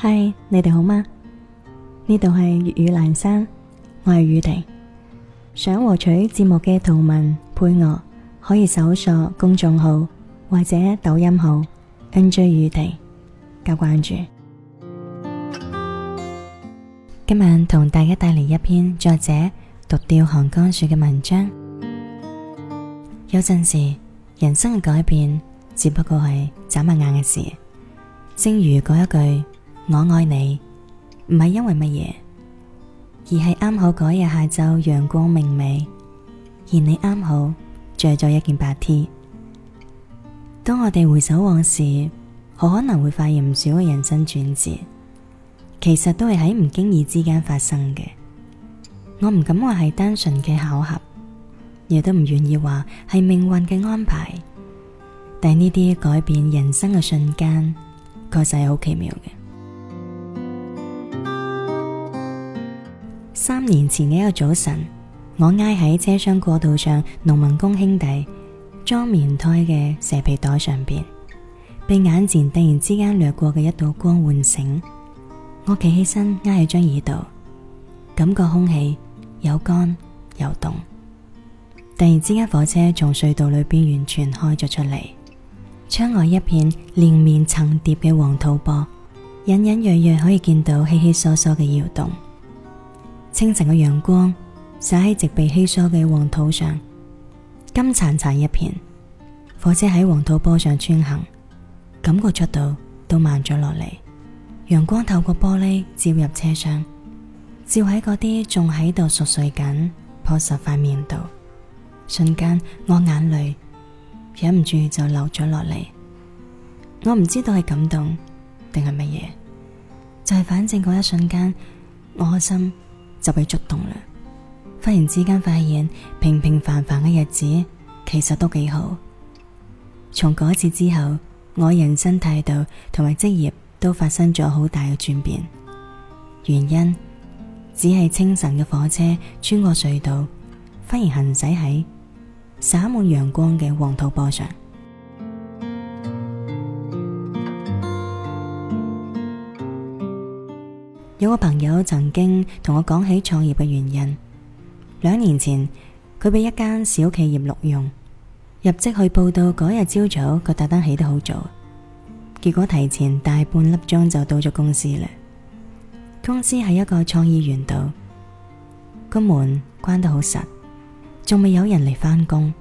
嗨，Hi, 你哋好嗎？呢度係粵語闌珊，我係宇婷。想獲取節目嘅圖文配樂，可以搜索公眾號或者抖音號 N J 宇婷加關注。今晚同大家帶嚟一篇作者獨釣寒江雪嘅文章。有陣時，人生嘅改變只不過係眨下眼嘅事，正如嗰一句。我愛你，唔係因為乜嘢，而係啱好嗰日下晝陽光明媚，而你啱好着咗一件白 T。當我哋回首往事，好可能會發現唔少嘅人生轉折，其實都係喺唔經意之間發生嘅。我唔敢話係單純嘅巧合，亦都唔願意話係命運嘅安排。但呢啲改變人生嘅瞬間，確實係好奇妙嘅。三年前嘅一個早晨，我挨喺車廂過道上，農民工兄弟裝棉胎嘅蛇皮袋上邊，被眼前突然之間掠過嘅一道光喚醒。我企起身，挨喺張椅度，感覺空氣又乾又凍。突然之間，火車從隧道裏邊完全開咗出嚟，窗外一片連綿層疊嘅黃土坡，隱隱約約可以見到稀稀疏疏嘅窯洞。清晨嘅陽光灑喺植被稀疏嘅黃土上，金燦燦一片。火車喺黃土坡上穿行，感覺速度都慢咗落嚟。陽光透過玻璃照入車廂，照喺嗰啲仲喺度熟睡緊、樸實塊面度。瞬間，我眼淚忍唔住就流咗落嚟。我唔知道係感動定係乜嘢，就係、是、反正嗰一瞬間，我心。就被觸動啦！忽然之間發現平平凡凡嘅日子其實都幾好。從嗰次之後，我人生態度同埋職業都發生咗好大嘅轉變。原因只係清晨嘅火車穿過隧道，忽然行駛喺灑滿陽光嘅黃土坡上。有個朋友曾經同我講起創業嘅原因。兩年前，佢俾一間小企業錄用，入職去報到嗰日朝早，佢特登起得好早，結果提前大半粒鐘就到咗公司啦。公司係一個創意園度，個門關得好實，仲未有人嚟返工，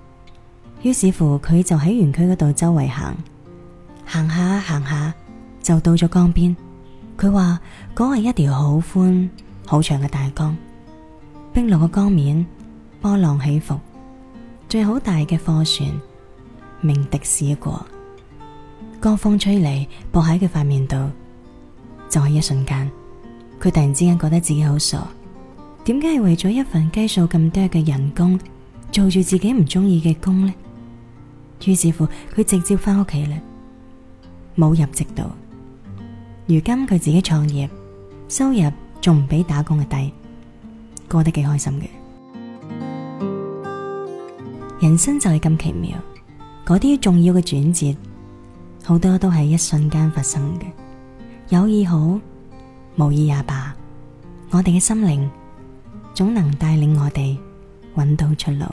於是乎佢就喺園區嗰度周圍行，行下行下就到咗江邊。佢話嗰係一條好寬、好長嘅大江，碧綠嘅江面波浪起伏，最好大嘅貨船鳴笛駛過，江風吹嚟撲喺佢塊面度。就喺、是、一瞬間，佢突然之間覺得自己好傻，點解係為咗一份雞碎咁多嘅人工，做住自己唔中意嘅工呢？於是乎，佢直接返屋企啦，冇入職到。如今佢自己創業，收入仲唔比打工嘅低，過得幾開心嘅。人生就係咁奇妙，嗰啲重要嘅轉折，好多都係一瞬間發生嘅。有意好，無意也罷，我哋嘅心靈總能帶領我哋搵到出路。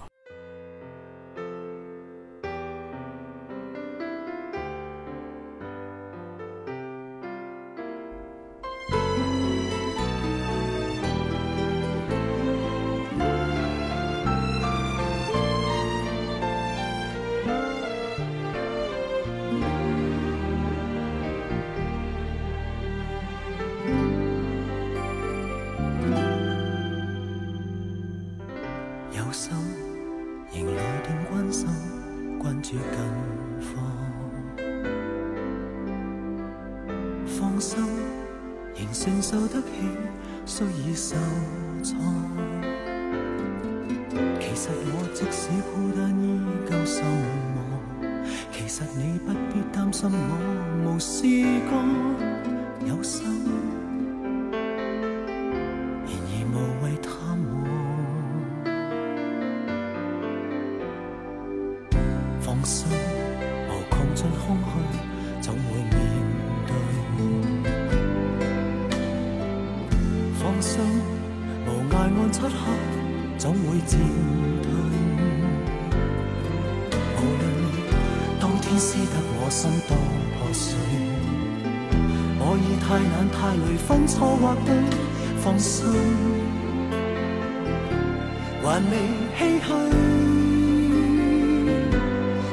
放心，仍承受得起雖已受創。其實我即使孤單已夠受磨，其實你不必擔心我無事幹。心無曠盡空虛，怎會面對？芳心無涯岸漆黑，怎會漸退？無論你當天撕得我心多破碎，我已太懶太累分錯或對，放心，還未唏噓。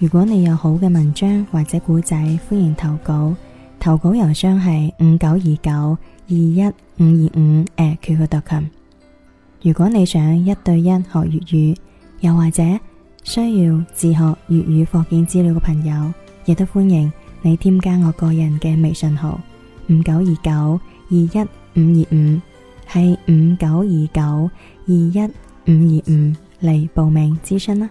如果你有好嘅文章或者古仔，歡迎投稿。投稿郵箱係五九二九二一五二五 at QQ 特群。如果你想一對一學粵語，又或者需要自學粵語課件資料嘅朋友，亦都歡迎你添加我個人嘅微信號五九二九二一五二五，係五九二九二一五二五嚟報名諮詢啦。